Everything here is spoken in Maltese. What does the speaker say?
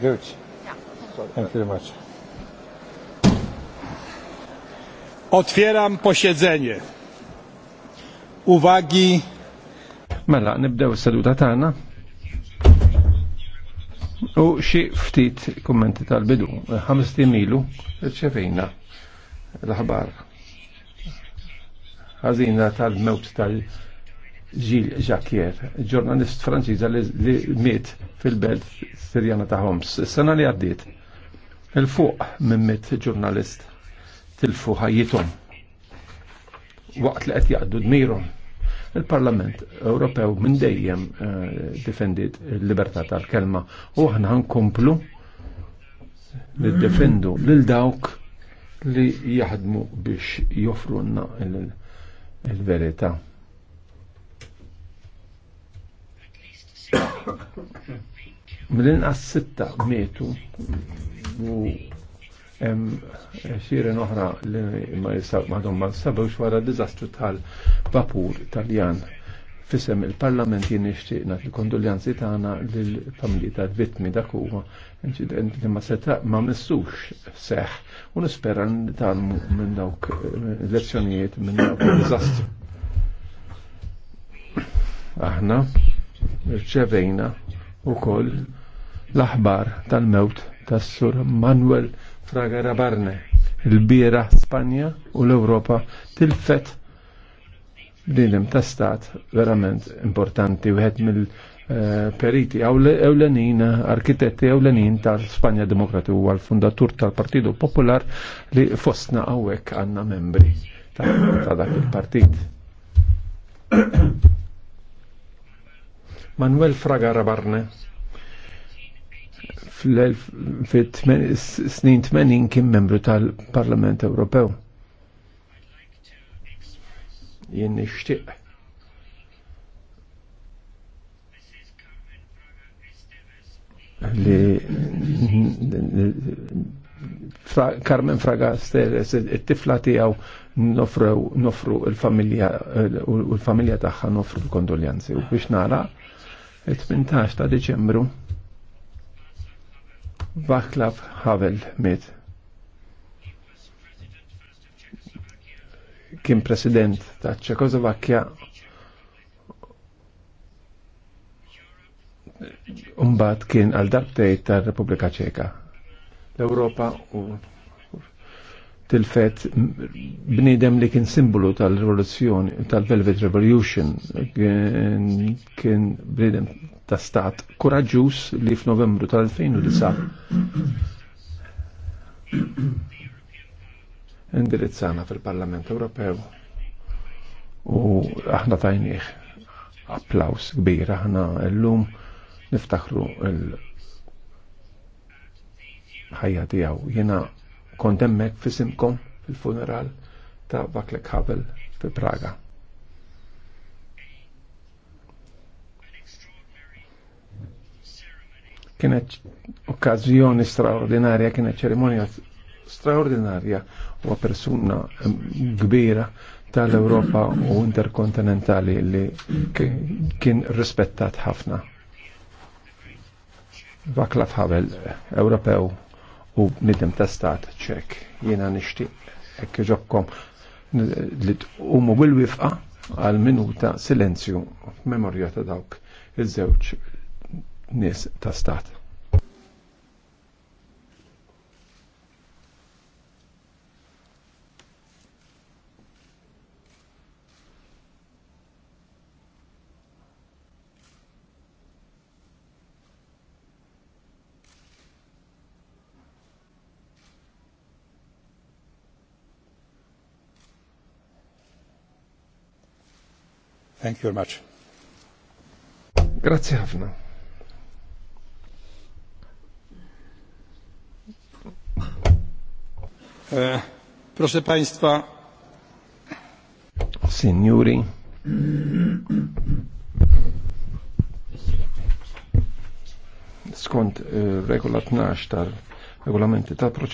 Good. Thank you very much. Otwieram posiedzenie. Uwagi. Mela, nibdew is-seduta tana. U xi ftit kummenti tal-bidu. Ħamsti milu rċevejna l-aħbar. Ħażina tal-mewt tal-, -mewt tal Gil Jacquier, ġurnalist franċiża li miet fil-belt Sirjana ta' Homs. Sena li għaddiet, il-fuq minn miet ġurnalist tilfu ħajjithom. Waqt li qed jaqdu dmirhom. Il-Parlament Ewropew minn dejjem eh, defendiet il-libertà tal-kelma u aħna nkomplu niddefendu lil dawk li jaħdmu biex joffru il verità mill-inqas sitta mietu u xiren oħra li ma jisab maħdom ma sabawx xwara dizastru tal-vapur taljan fisem il-parlament jien nixtieqna l-kondoljanzi tagħna lill-familji tal-vittmi dak huwa inċident li ma seta ma missux seħ u nispera nitalmu minn dawk eh, lezzjonijiet minn dawk diżastru. Aħna rċevejna koll l-aħbar tal-mewt tas-sur Manuel Fragara Barne, Il-bira Spanja u l-Ewropa tilfet dinim ta' stat verament importanti wieħed mill-periti eh, ewlenin, arkitetti ewlenin tal-Spanja Demokrati u għal-fundatur tal-Partitu Popolar li fostna għawek għanna membri ta' dak il-partit. Manuel Fraga Rabarne fl snin 80 kien membru tal-Parlament Ewropew. Jien nixtieq. li Carmen Fraga Steres, it-tifla tiegħu nofru il-familja u l-familja tagħha nofru l-kondoljanzi u biex nara 18 ta' Deċembru Vaclav Havel mit. Kien president ta' Ċekoslovakkja Umbat kien għal dabtej tar Repubblika Ċeka. L-Europa u tilfet bnidem li kien simbolu tal-rivoluzzjoni, tal-Velvet Revolution, kien bnidem ta' stat kuraġus li f'Novembru tal-2009 indirizzana fil-Parlament Ewropew u aħna tajnieh applaus kbir aħna llum niftaħru l ħajja tiegħu. Jena kontemmek fisimkom fil-funeral ta' Vaklek Havel fi Praga. Kienet okkazjoni straordinarja, kienet ċerimonja straordinarja u persuna kbira tal-Europa u interkontinentali li kien rispettat ħafna. Vaklav Havel, Ewropew, u bnidem ta' stat ċek. Jena nishti ekk ġobkom li t'umu bil-wifqa għal minuta silenzju f'memorja ta' dawk iż-żewġ nies ta' stat. Thank you very much. Grazie ħafna. E, proszę Państwa. Signori. Skont e, regula 12 tal regolamenti tal